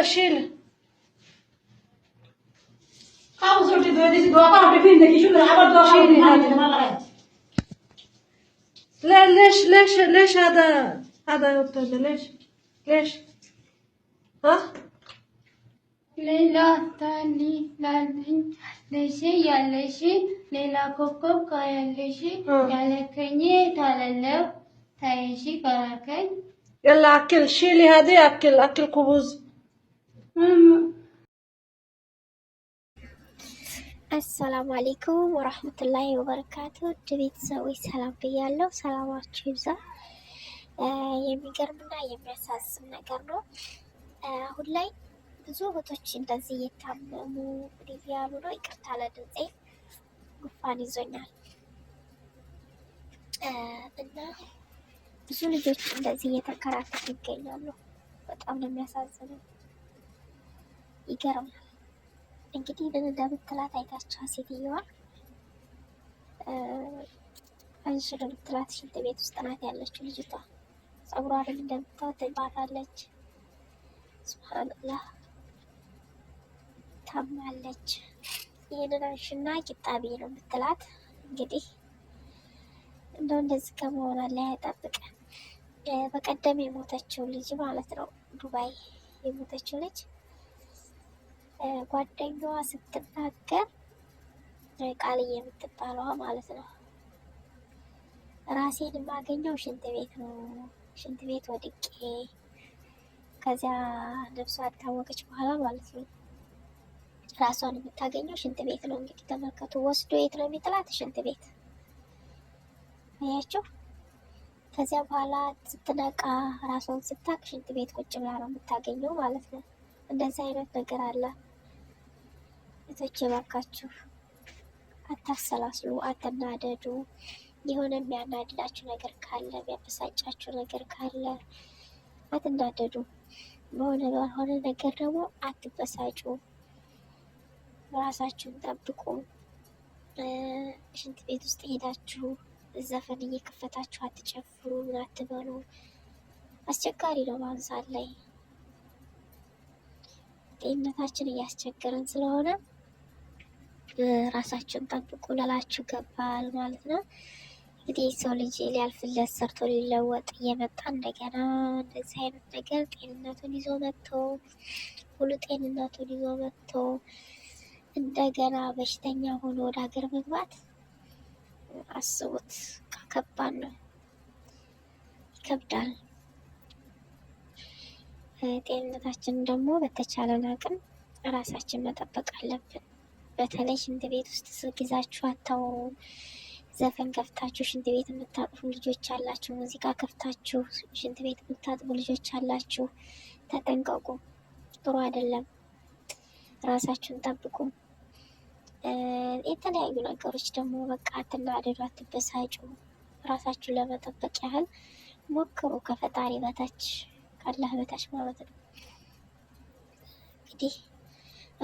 هذا ما لا ليش ليش ليش هذا هذا يبتلى ليش ليش ها ليلى تالي لالين يا ليشي ليلى كوكو آه. لكني تالا لو تايشي كراكي يلا أكل شيلي هذه أكل أكل كوبوز አሰላሙ አሌይኩም ወራህመቱላሂ ወበረካቱ። ውድ ቤተሰቦች ሰላም ብያለሁ። ሰላማችሁ ይብዛ። የሚገርምና የሚያሳዝን ነገር ነው። አሁን ላይ ብዙ እህቶች እንደዚህ እየታመሙ እያሉ ነው። ይቅርታ ለድምፄ ጉፋን ይዞኛል እና ብዙ ልጆች እንደዚህ እየተንከራተቱ ይገኛሉ። በጣም ነው የሚያሳዝነው። ይገርማል። እንግዲህ እንደምትላት አይታችኋት ሴትየዋ አንሽ እንደምትላት ሽንት ቤት ውስጥ ናት ያለችው ልጅቷ። ጸጉሯ ጸጉሯንም እንደምታወት ትባታለች። ስብሓንላህ ታማለች። ይህንን አንሽና ቂጣቢ ነው የምትላት እንግዲህ እንደው እንደዚህ ከመሆኗ ላይ አይጠብቀን። በቀደም የሞተችው ልጅ ማለት ነው ዱባይ የሞተችው ልጅ ጓደኛዋ ስትናገር ቃል የምትባለዋ ማለት ነው። ራሴን የማገኘው ሽንት ቤት ነው። ሽንት ቤት ወድቄ ከዚያ ነፍሷ አልታወቀች በኋላ ማለት ነው። ራሷን የምታገኘው ሽንት ቤት ነው። እንግዲህ ተመልከቱ። ወስዶ የት ነው የሚጥላት? ሽንት ቤት አያችሁ። ከዚያ በኋላ ስትነቃ ራሷን ስታቅ ሽንት ቤት ቁጭ ብላ ነው የምታገኘው ማለት ነው። እንደዚህ አይነት ነገር አለ። እህቶቼ ባካችሁ አታሰላስሉ፣ አትናደዱ። የሆነ የሚያናድዳችሁ ነገር ካለ፣ የሚያበሳጫችሁ ነገር ካለ አትናደዱ። በሆነ ባልሆነ ነገር ደግሞ አትበሳጩ። ራሳችሁን ጠብቁ። ሽንት ቤት ውስጥ ሄዳችሁ ዘፈን እየከፈታችሁ አትጨፍሩ፣ ምን አትበሉ። አስቸጋሪ ነው። በአሁኑ ላይ ጤንነታችን እያስቸገረን ስለሆነ ራሳችን ጠብቁ ልላችሁ ገባል ማለት ነው። እንግዲህ ሰው ልጅ ሊያልፍለት ሰርቶ ሊለወጥ እየመጣ እንደገና እንደዚህ አይነት ነገር ጤንነቱን ይዞ መጥቶ ሙሉ ጤንነቱን ይዞ መጥቶ እንደገና በሽተኛ ሆኖ ወደ ሀገር መግባት አስቡት፣ ከባድ ነው፣ ይከብዳል። ጤንነታችን ደግሞ በተቻለን አቅም ራሳችን መጠበቅ አለብን። በተለይ ሽንት ቤት ውስጥ ስልክ ይዛችሁ አታውሩ። ዘፈን ከፍታችሁ ሽንት ቤት የምታጥፉ ልጆች አላችሁ። ሙዚቃ ከፍታችሁ ሽንት ቤት የምታጥፉ ልጆች አላችሁ። ተጠንቀቁ፣ ጥሩ አይደለም። ራሳችሁን ጠብቁ። የተለያዩ ነገሮች ደግሞ በቃ አትናደዱ፣ አትበሳጩ። ራሳችሁን ለመጠበቅ ያህል ሞክሩ። ከፈጣሪ በታች ካላህ በታች ማለት ነው። እንግዲህ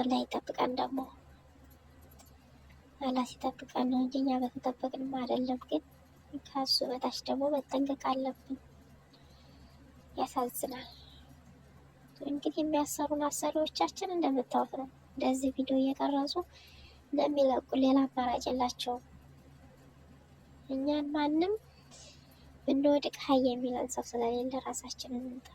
አላህ ይጠብቀን ደግሞ አላህ ሲጠብቀን ነው እንጂ እኛ በተጠበቅንም አይደለም። ግን ከሱ በታች ደግሞ መጠንቀቅ አለብን። ያሳዝናል። እንግዲህ የሚያሰሩን አሰሪዎቻችን እንደምታወቅ ነው። እንደዚህ ቪዲዮ እየቀረጹ እንደሚለቁ ሌላ አማራጭ የላቸውም። እኛን ማንም ብንወድቅ ሀይ የሚለን ሰው ስለሌለ ራሳችንን እንጠ